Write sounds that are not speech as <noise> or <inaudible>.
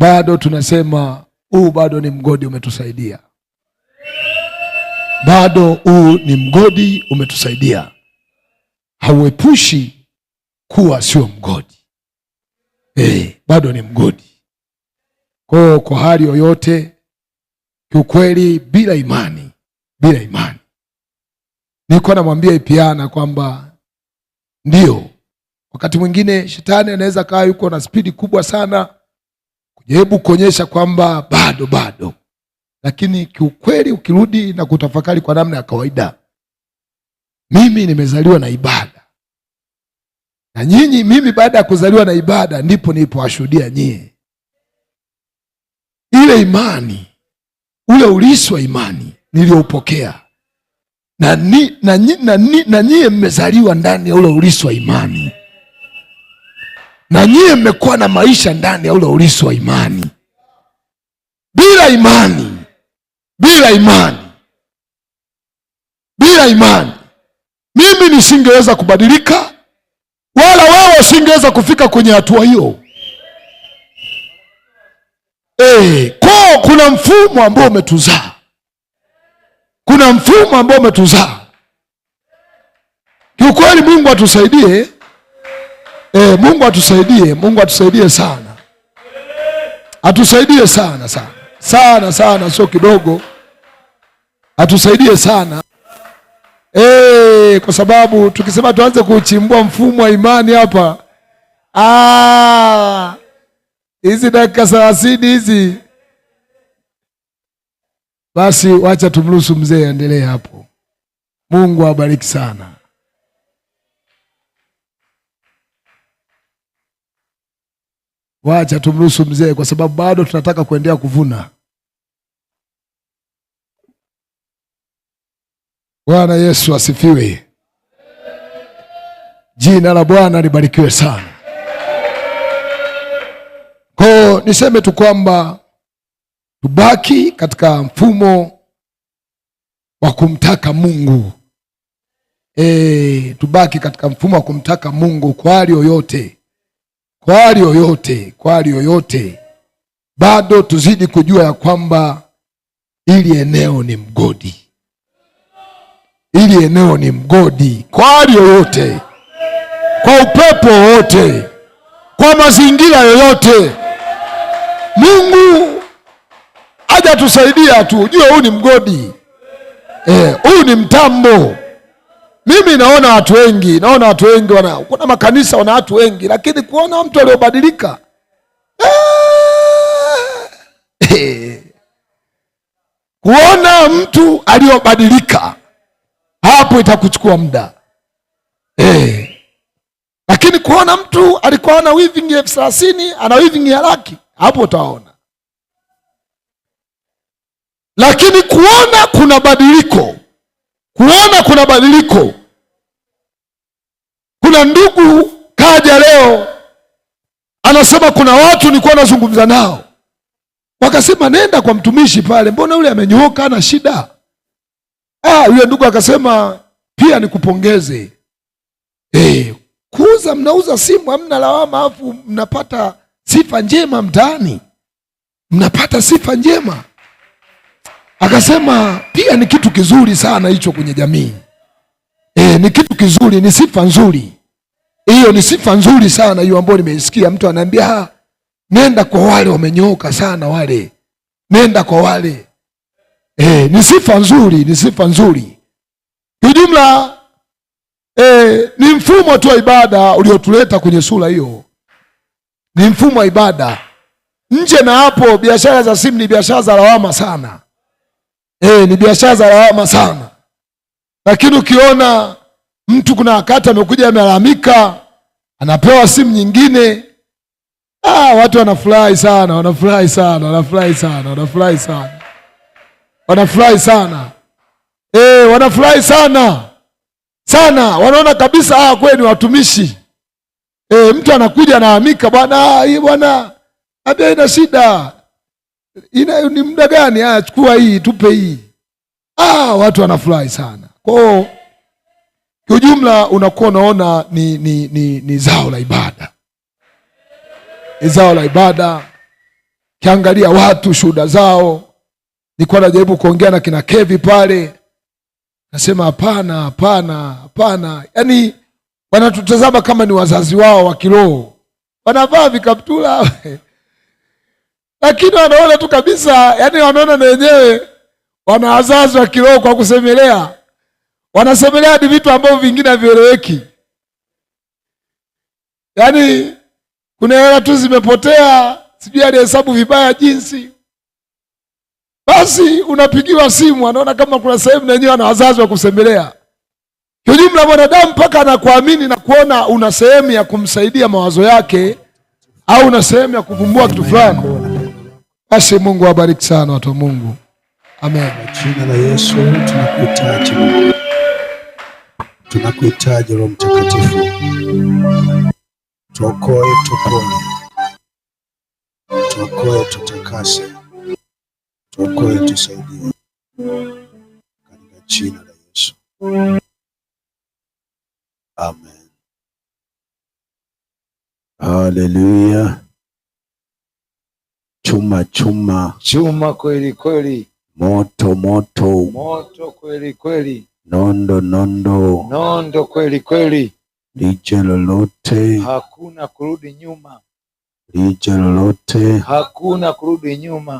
bado tunasema huu bado ni mgodi umetusaidia, bado huu ni mgodi umetusaidia. Hauepushi kuwa sio mgodi e, bado ni mgodi. Kwa hiyo kwa hali yoyote, kiukweli, bila imani, bila imani, niko namwambia Ipiana kwamba ndio wakati mwingine shetani anaweza kaa yuko na spidi kubwa sana jaribu kuonyesha kwamba bado bado, lakini kiukweli ukirudi na kutafakari kwa namna ya kawaida, mimi nimezaliwa na ibada na nyinyi, mimi baada ya kuzaliwa na ibada ndipo nilipowashuhudia nyie ile imani, ule ulisi wa imani niliyoupokea na, ni, na, na, na nyie mmezaliwa ndani ya ule ulisi wa imani na nyie mmekuwa na maisha ndani ya ule urisi wa imani. Bila imani, bila imani, bila imani, mimi nisingeweza kubadilika, wala wewe usingeweza kufika kwenye hatua hiyo. E, ko kuna mfumo ambao umetuzaa, kuna mfumo ambao umetuzaa. Kiukweli, Mungu atusaidie. E, Mungu atusaidie, Mungu atusaidie sana, atusaidie sana sana sana sana, sio kidogo, atusaidie sana e, kwa sababu tukisema tuanze kuchimbua mfumo wa imani hapa, ah, hizi dakika thelathini hizi, basi wacha tumruhusu mzee aendelee hapo. Mungu awabariki sana. Wacha tumruhusu mzee, kwa sababu bado tunataka kuendelea kuvuna. Bwana Yesu asifiwe. Jina la Bwana libarikiwe sana. Kwa niseme tu kwamba tubaki katika mfumo wa kumtaka Mungu. E, tubaki katika mfumo wa kumtaka Mungu kwa hali yoyote. Kwa hali yoyote, kwa hali yoyote, bado tuzidi kujua ya kwamba ili eneo ni mgodi, ili eneo ni mgodi. Kwa hali yoyote, kwa upepo wowote, kwa mazingira yoyote, Mungu ajatusaidia tu jua huu ni mgodi, eh, huu ni mtambo mimi naona watu wengi, naona watu wengi wana, kuna makanisa wana watu wengi, lakini kuona mtu aliyobadilika eh. <laughs> kuona mtu aliyobadilika hapo itakuchukua muda eh. Lakini kuona mtu alikuwa ana wivingi elfu thelathini ana wivingi ya laki, hapo utaona. Lakini kuona kuna badiliko, kuona kuna badiliko kuna ndugu kaja leo anasema kuna watu nilikuwa nazungumza nao, wakasema nenda kwa mtumishi pale, mbona yule amenyooka ana shida? Ah, yule ndugu akasema pia nikupongeze eh, kuuza, mnauza simu hamna lawama, afu mnapata sifa njema mtaani, mnapata sifa njema. Akasema pia ni kitu kizuri sana hicho kwenye jamii eh, ni kitu kizuri, ni sifa nzuri. Hiyo ni sifa nzuri sana hiyo ambayo nimeisikia. Mtu anaambia ah, nenda kwa wale wamenyooka sana, wale nenda kwa wale e, ni sifa nzuri, ni sifa nzuri kiujumla. E, eh, ni mfumo tu wa ibada uliotuleta kwenye sura hiyo, ni mfumo wa ibada. Nje na hapo, biashara za simu ni biashara za lawama sana. E, ni biashara za lawama sana, lakini ukiona Mtu kuna wakati amekuja amelalamika, anapewa simu nyingine. Ah, watu wanafurahi sana, wanafurahi sana, wanafurahi sana, wanafurahi sana, wanafurahi sana e, wanafurahi sana sana, wanaona kabisa ah, kweli ni watumishi e. Mtu anakuja anaamika, bwana hii bwana abia ina shida ina, ni muda gani? Ah, chukua hii tupe hii. Ah, watu wanafurahi sana kwao Kiujumla unakuwa unaona ni, ni, ni, ni zao la ibada, ni zao la ibada. Kiangalia watu shuhuda zao, nilikuwa najaribu kuongea na kina Kevi pale, nasema hapana, hapana, hapana. Yaani wanatutazama kama ni wazazi wao wa kiroho, wanavaa vikaptula <laughs> lakini wanaona tu kabisa, yaani wanaona na wenyewe wana wazazi wa kiroho kwa kusemelea wanasomelea hadi vitu ambavyo vingine havieleweki. Yaani kuna hela tu zimepotea, sijui alihesabu vibaya jinsi. Basi unapigiwa simu, anaona kama kuna sehemu na wenyewe ana wazazi wa kusemelea. Kiujumla, mwanadamu mpaka anakuamini na kuona una sehemu ya kumsaidia mawazo yake au una sehemu ya kuvumbua kitu fulani. Basi Mungu awabariki sana watu wa Mungu, amen. Jina la Yesu tunakuita Tunakuhitaji Roho Mtakatifu, tuokoe, tuponye, tuokoe, tutakase, tuokoe, tusaidie, katika jina la Yesu, amen. Haleluya! Chuma chuma chuma, kweli kweli, moto moto moto, kweli kweli nondo nondo nondo kweli kweli, licha lolote hakuna kurudi nyuma, licha lolote hakuna kurudi nyuma.